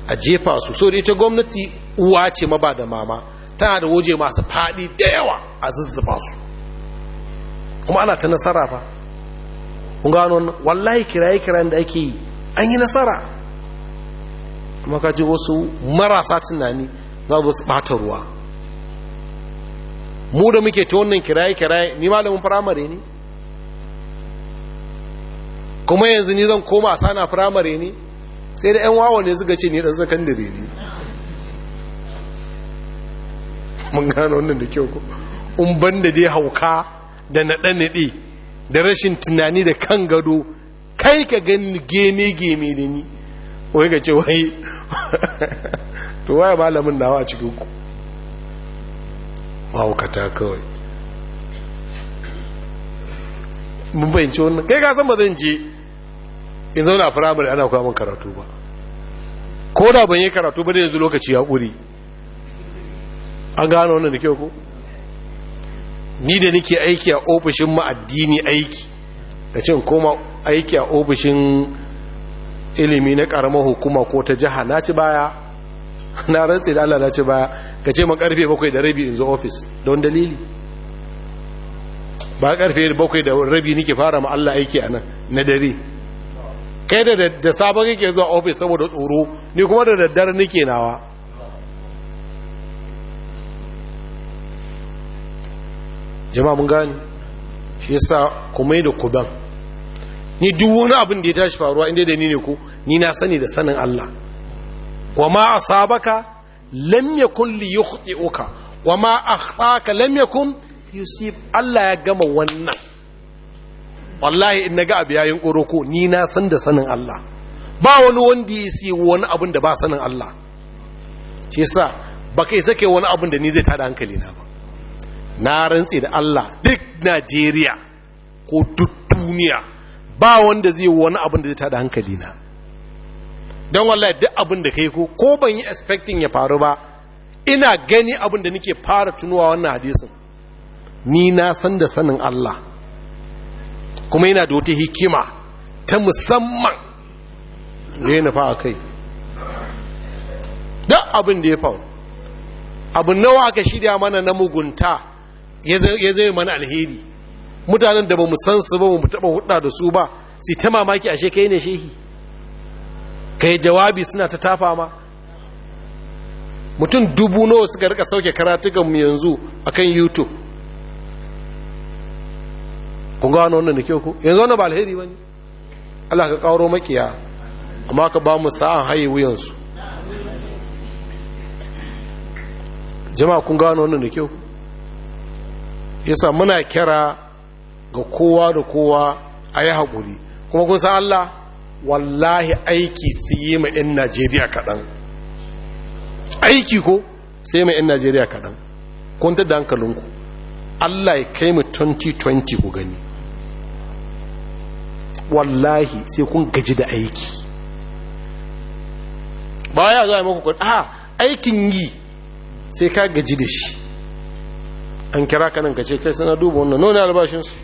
a jefa su so da ita gwamnati uwa ce ma ba da mama tana da waje masu faɗi da yawa a zuzzuba su kuma ana ta nasara fa gano wallahi kiraye kiran da ake yi an yi nasara kuma ka ji wasu marasa tunani za su su ɓata ruwa mu da muke ta wannan kiraye kiraye ni malamin firamare ne kuma yanzu ni zan koma a sana firamare ne sai da 'yan wawa ne suka ce ni ɗan sakandare ne mun gano wannan da kyau ko in banda dai hauka da naɗe-naɗe da rashin tunani da kan gado kai ka gani geme-geme da ni wai ga ce wai to waya malamin nawa a cikin ku mahaukata kawai mun bayanci wannan kai kasan ba zan je in zauna a firamare ana kwamin karatu ba ko da ban yi karatu ba da yanzu lokaci ya ƙuri an gano wannan da kyau ko ni da nake aiki a ofishin ma'addini aiki da cin koma aiki a ofishin ilimi na karamar hukuma ko ta jiha na ci baya na rantsi da Allah na ci baya ka ce makarfe karfe bakwai da rabi in zo ofis don dalili ba karfe bakwai da rabi nake fara ma Allah aiki a nan na dare kai da da sabon yake zuwa ofis saboda tsoro ni kuma da daddare nake nawa jama'a mun gani shi yasa ku mai da kuban ni duk wani abin da ya tashi faruwa inda da ni ne ku ni na sani da sanin Allah wa ma asabaka lam yakun li yukhti'uka wa ma akhtaka lam yakun yusib Allah ya gama wannan wallahi in naga abu yayin koroko ni na san da sanin Allah ba wani wanda ya si wani abin da ba sanin Allah shi yasa ba kai sake wani abin da ni zai tada hankali na ba na rantse da Allah duk Najeriya ko duk duniya ba wanda zai wani abin da zai tada hankali na don wallahi duk abin da kai ko ko ban yi expecting ya faru ba ina gani abin da nake fara tunuwa wannan hadisin ni na san da sanin Allah kuma yana da wata hikima ta musamman da ya nufa a kai duk abin da ya faru abu nawa aka shirya mana na mugunta ya zai mana alheri mutanen da ba mu san su ba mu taɓa hudda da su ba su ta mamaki ashe kai ne shehi kai jawabi suna ta tafa ma mutum dubu nawa suka rika sauke karatukan mu yanzu akan youtube kun gano wannan da kyau ko yanzu wani ba alheri ba ne allah ka ƙauro makiya amma ka ba mu sa'an haye wuyansu jama'a kun gano wannan da kyau yasa muna kira ga kowa da kowa a yi haƙuri kuma kun san Allah wallahi aiki su yi ma 'yan Najeriya kaɗan aiki ko sai ma 'yan Najeriya kaɗan kuntar da hankalinku Allah ya kai mu 2020 ku gani wallahi sai kun gaji da aiki ba ya zai maku kwan a aikin yi sai ka gaji da shi an kira ka nan ka ce kai suna duba wannan nuna albashinsu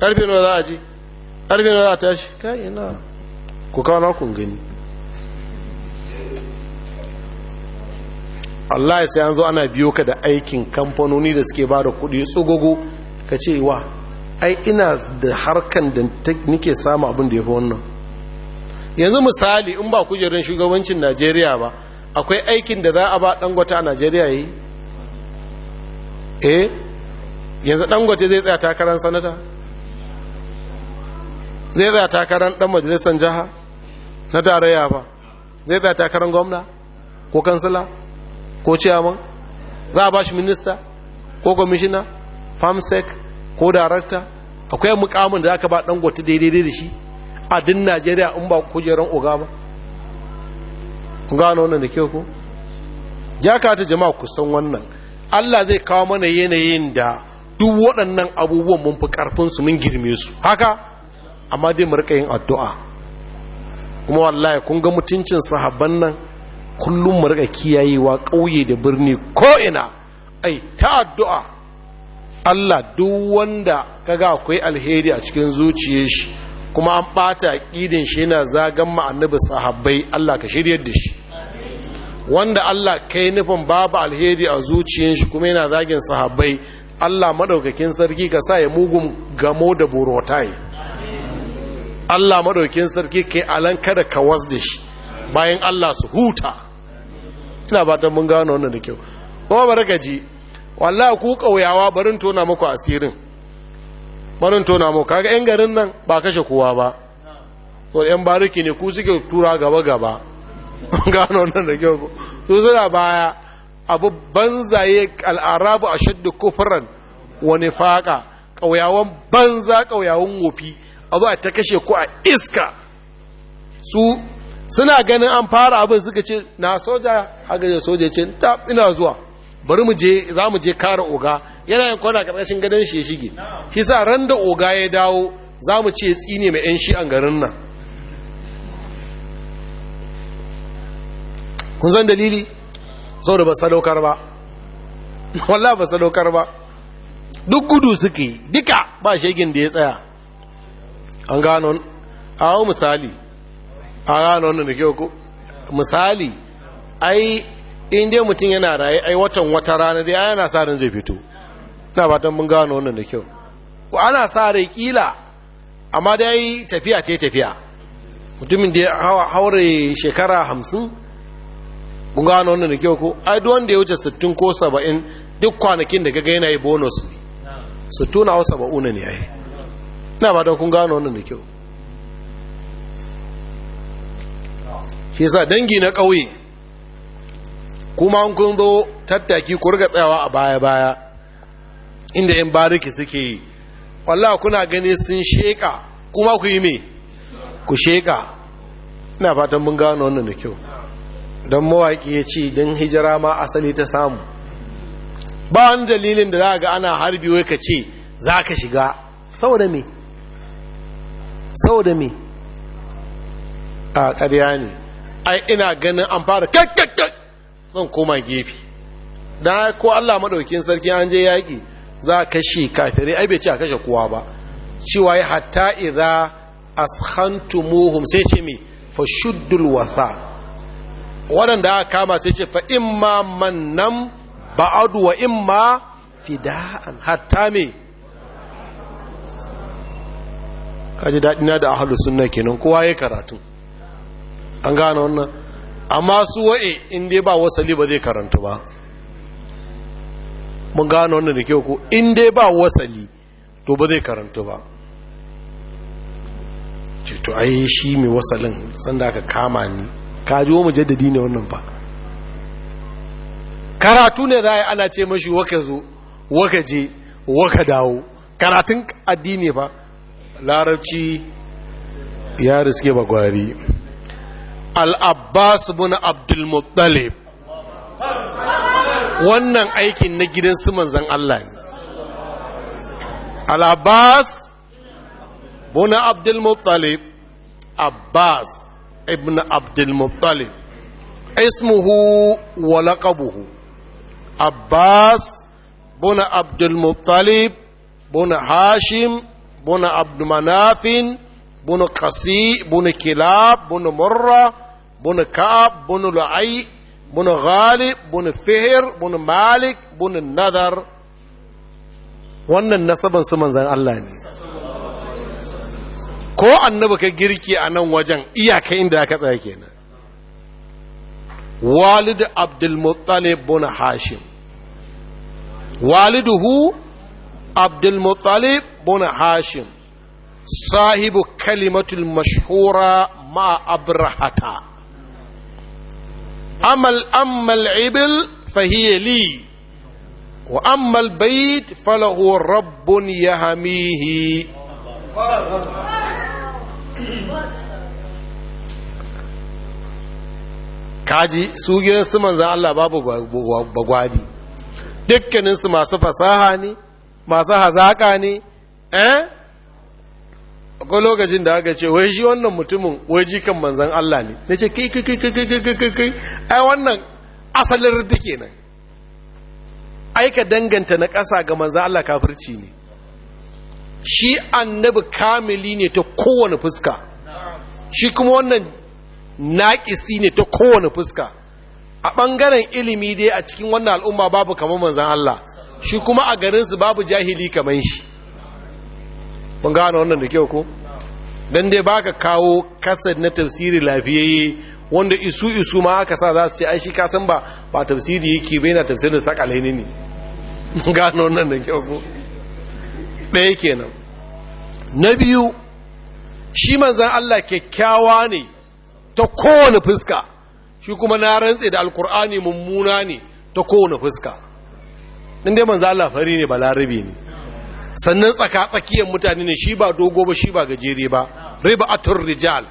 ƙarfe nawa za a je ƙarfe nawa za a tashi kai ina ku kawo na kun gani Allah ya sai an zo ana biyo ka da aikin kamfanoni da suke ba da kuɗi tsogogo ka ce wa ai ina da harkan da nike samu abin da ya fi wannan yanzu misali in ba kujerin shugabancin najeriya ba akwai aikin da za a ba ɗangwata a najeriya yi eh yanzu dangote zai tsaya takarar sanata zai tsaya takarar dan majalisar jiha na tarayya ba zai tsaya takarar gwamna ko kansila ko ciyaman za a ba shi minista ko kwamishina famsec ko darakta akwai mukamin da aka ba dangote daidai da shi a din najeriya in ba kujeran oga ba gano wannan da kyau ko ya kata jama'a kusan wannan Allah zai kawo mana yanayin da duk waɗannan abubuwan mun fi ƙarfinsu mun girme su haka amma dai mu yin addu'a kuma wallahi kun ga mutuncin sahabban nan kullum mu kiyayewa ƙauye da birni ko'ina ina ai ta addu'a Allah duk wanda ka ga akwai alheri a cikin zuciyar shi kuma an ɓata ƙidin shi yana zagan mu annabi sahabbai Allah ka shiryar da shi wanda Allah kai nufin babu alheri a zuciyar shi kuma yana zagin sahabbai Allah madaukakin sarki ka sa ya mugun gamo da burotai. Allah madaukakin sarki kai alanka da kawas da shi bayan Allah su huta ina ba mun gano wannan da kyau kuma baraka ji wallahi ku kauyawa barin tona muku asirin barin tona muku kaga yan garin nan ba kashe kowa ba to yan bariki ne ku suke tura gaba gaba gano nan da kyau su suna baya abu banzaye al'arabu a shaddu kufuran wani faƙa ƙauyawan banza ƙauyawan wofi a zuwa ta kashe ku a iska su suna ganin an fara abin suka ce na soja a gaje soja ce ta ina zuwa bari mu je za mu je kare oga yana yin kwana ƙarƙashin gadon shi shige shi sa ran da oga ya dawo za mu ce tsine mai 'yan shi an garin nan kun san dalili saboda ba sadaukar ba wallah ba sadaukar ba duk gudu suke duka ba shegin da ya tsaya an gano a misali a gano wannan da kyau ku. misali ai indiya mutum yana raye ai watan wata rana dai yana sa ran zai fito ina fatan mun gano wannan da kyau ko ana sa rai kila amma dai tafiya ce tafiya mutumin da ya haure shekara hamsin kun gano wannan da kyau ko ai duk wanda ya wuce 60 ko 70 duk kwanakin da kaga yana yi bonus ne 60 na 70 ne yayi ina ba da kun gano wannan da kyau shi yasa dangi na ƙauye kuma an kun zo tattaki ku riga tsayawa a baya baya inda yan bariki suke yi wallahi kuna gani sun sheka kuma ku yi me ku sheka ina fatan mun gano wannan da kyau don mawaƙi ya ce don hijira ma asali ta samu ba wani dalilin da za ga ana harbi wai ka ce za ka shiga saboda me saboda me a ƙarya ne ai ina ganin an fara kakkakkak zan koma gefe da ko allah maɗaukin sarki an je yaƙi za kashi shi kafirai ai bai ci a kashe kowa ba cewa ya hatta idza askhantumuhum sai ce me fashuddul wasa waɗanda aka kama sai ce fa imma mannan ba'adu wa imma fida'an hatta me kaji daɗina da ahalu suna kenan kowa ya karatu an gane wannan amma su wa'e in dai ba wasali ba zai karantu ba mun gane wannan da kyau ko in dai ba wasali to ba zai karantu ba ce to ai shi mai wasalin sanda aka kama ni kaji wa mujaddadi ne wannan ba karatu ne za a yi ana ce mashi waka zo waka je waka dawo karatun addini ba larabci ya riske ba gwari al'abbas bin abdulmuttalib wannan aikin na gidan su manzan Allah ne al'abbas bin abdulmuttalib abbas ibn abdulmuttalib ismuhu wa laqabuhu abbas buna abdulmuttalib buna hashim buna abdumanafin buna kasi buna kilab buna murra buna ka'ab buna lu'ai buna ghalib buna fihir buna malik buna nadar wannan nasaban su manzan Allah ne ko annabi ka girki a nan wajen iyaka inda aka tsaya kenan walid abdulmuttalib bin hashim waliduhu abdulmuttalib bin hashim sahibu kalimatul mashhura ma abrahata amal amal ibil fahiyya li wa amal bayt falahu rabbun yahamihi kaji su gina su manzan Allah babu bagwadi dukkaninsu masu fasaha ne masu hazaka ne eh akwai lokacin da aka ce wai shi wannan mutumin wai ji kan manzan Allah ne na ce kai kai kai kai kai kai kai kai kai ai wannan asalin ridda kenan ai ka danganta na ƙasa ga manzan Allah kafirci ne shi annabi kamili ne ta kowane fuska shi kuma wannan naƙisi ne ta kowane fuska a ɓangaren ilimi dai a cikin wannan al'umma babu kamar manzan Allah shi kuma a garinsu babu jahili kamar shi mun gano wannan da kyau ko don dai baka kawo kasar na tafsiri lafiyayye wanda isu isu ma aka sa za su ce ai kasan ba ba tafsiri yake bai na tafsirin sakalaini ne mun gano wannan da kyau ko ɗaya kenan na biyu shi manzan Allah kyakkyawa ne ta kowane fuska shi kuma na rantse da alkur'ani mummuna ne ta kowane fuska inda manzan Allah fari ne ba larabe ne sannan tsaka-tsakiyar mutane ne shi ba dogo ba shi ba gajere ba riba atur rijal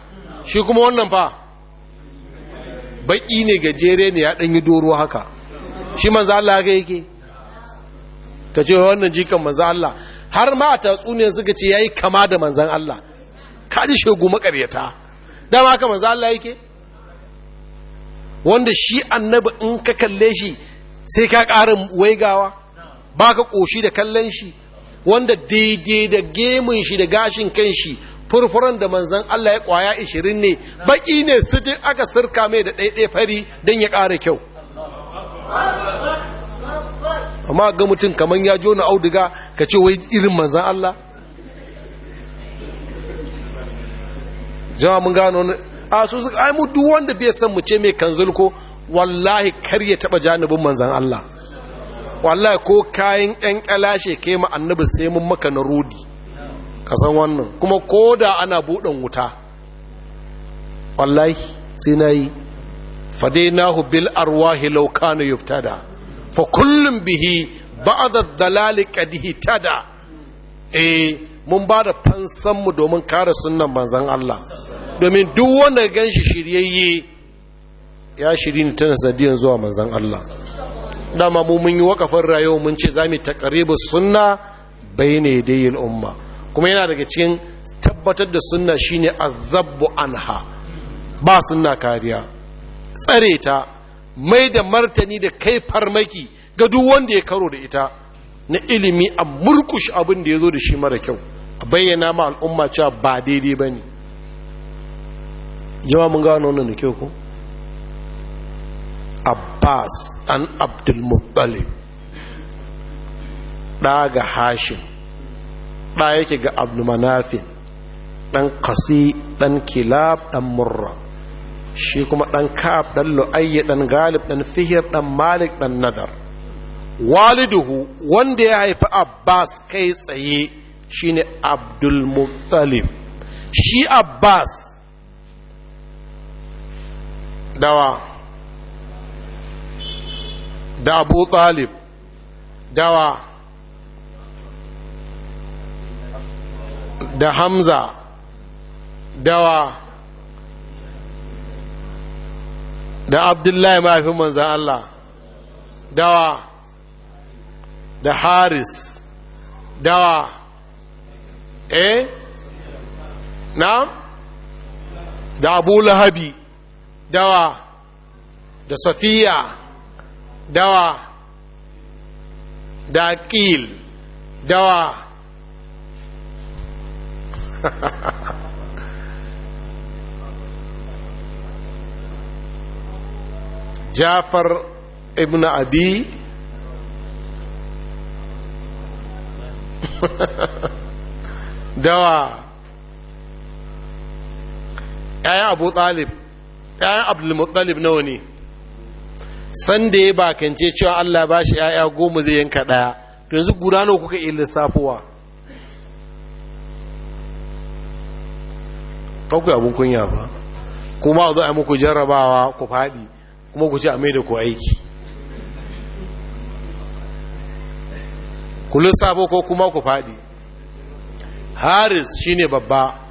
shi kuma wannan fa baƙi ne gajere ne ya ɗanyi doro haka shi manzan Allah ga yake ka ce wannan jikan manzan Allah har ma a tatsuniyar suka ce ya yi kama da manzan Allah ka ji shegu makaryata dama haka manzo Allah yake wanda shi annabi in ka kalle shi sai ka ƙara waigawa baka ka ƙoshi da kallon shi wanda daidai da gemun shi da gashin kan shi furfuran da manzan Allah ya kwaya 20 ne baƙi ne sijin aka sirka mai da ɗaiɗai fari don ya ƙara kyau amma ga mutum kamar ya jona auduga ka ce wai irin manzan Allah jama'a mun gano a su suka ai mu wanda bai san mu ce mai kanzul ko wallahi kar ya taba janibin manzan Allah wallahi ko kayan ɗan kalashe kai ma annabi sai mun maka na rodi ka san wannan kuma ko da ana buɗin wuta wallahi sai na yi fadainahu bil arwahi law kana yuftada fa kullum bihi ba'da dalali qad hitada eh mun ba da fansanmu domin kare sunnan manzon Allah domin duk wanda gan shi shiryayye ya shiri ne tana sanadiyar zuwa manzan Allah dama mu mun yi wakafin rayuwa mun ce za mu taƙaribu sunna bai ne umma kuma yana daga cikin tabbatar da sunna shine azabbu anha ba sunna kariya tsare ta mai da martani da kai farmaki ga duk wanda ya karo da ita na ilimi a murkushi abin da ya zo da shi mara kyau a bayyana ma al'umma cewa ba daidai ba ne jama mun gano wannan da kyau ku? abbas an abdulmuttalib ɗa ga hashim ɗa yake ga abdulmanafin ɗan kasi ɗan kilab ɗan murra shi kuma ɗan ka'ab ɗan lu'ayya ɗan galib ɗan fihir ɗan malik ɗan nadar waliduhu wanda ya haifi abbas kai tsaye shine abdulmuttalib shi abbas dawa da abu talib dawa da hamza dawa da abdullahi mafi manzan Allah dawa da haris dawa eh na da abu lahabi dawa da safiya dawa da aqil dawa jafar ibn abi dawa Ayah abu talib ‘ya'yan abdulmuttalib nawa ne san da ya bakance cewa allah ba shi ‘ya'ya goma zai yanka ɗaya to yanzu guda nawa kuka iya lissafowa kawai abin kunya ba kuma a zo a muku jarrabawa ku faɗi kuma ku ce a mai da ku aiki ku lissafo ko kuma ku faɗi haris shine babba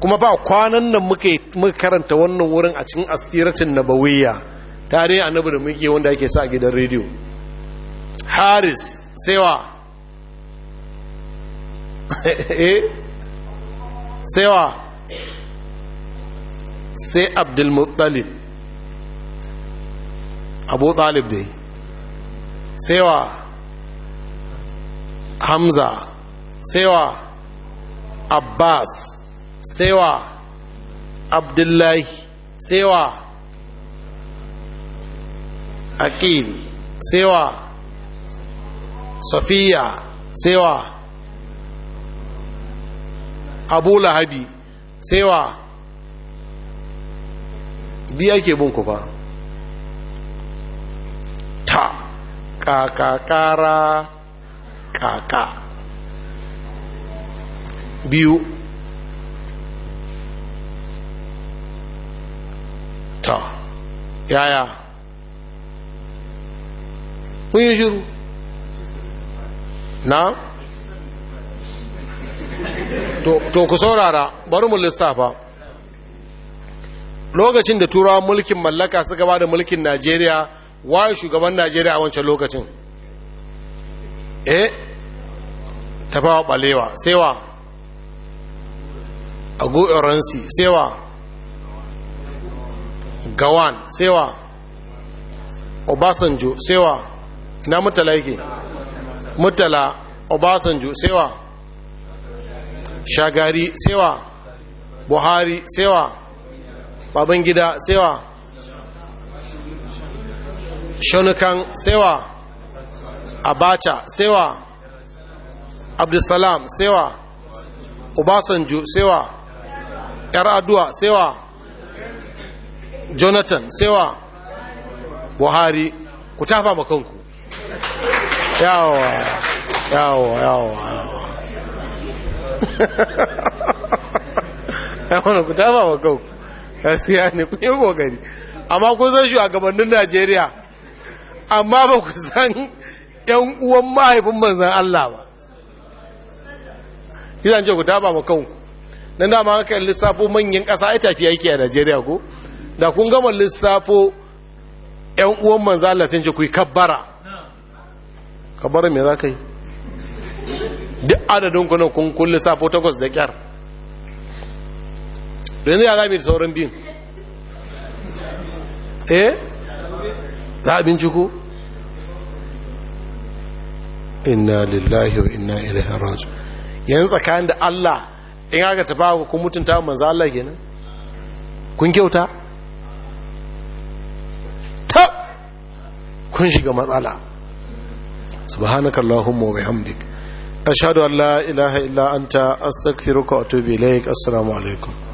kuma ba kwanan nan muka karanta wannan wurin a cikin asiratin nabawiyya tare annabi da muke wanda ake sa gidan rediyo haris sewa eh sewa sai abdulmuttalib abu talib dai sewa hamza sewa abbas saiwa abdullahi saiwa aqil saiwa safiya saiwa abu lahabi saiwa biya ke bin ku fa ta kakakara kaka biyu ta yaya kun yi shiru na to ku saurara bari mu lissafa lokacin da turawan mulkin mallaka suka ba da mulkin najeriya waye shugaban najeriya a wancan lokacin eh tafawa balewa sewa a goyon ransi sewa gawan sewa obasanjo sewa ina mutala yake mutala obasanjo sewa shagari sewa buhari sewa babangida sewa shonukan sewa abacha sewa abdulsalam sewa obasanjo sewa yar'adua sewa jonathan sewa buhari ku tafa makonku yawa yawa yawa yawon ku tafa makonku gaskiya ne ku yi kogari amma kun san shugabannin najeriya amma ba ku san yan uwan mahaifin manzan allah ba yi zan ce ku tafa makonku don dama haka lissafo manyan ƙasa ya tafiya yake a najeriya ko da kun gama lissafo ‘yan uwan manzo Allah sun ce ku yi kabbara kabbara me za ka yi duk adadin kuna kun kun lissafo takwas da kyar yanzu ya zaɓi da sauran biyun eh za a binciko inna lillahi wa inna ilaihi raji'un yanzu tsakanin da Allah in aka tafawa ku mutunta manzo Allah kenan kun kyauta kun shiga matsala subhanakallahumma wa bihamdik ashhadu an la ilaha illa anta astaghfiruka wa atubu ilaik assalamu alaikum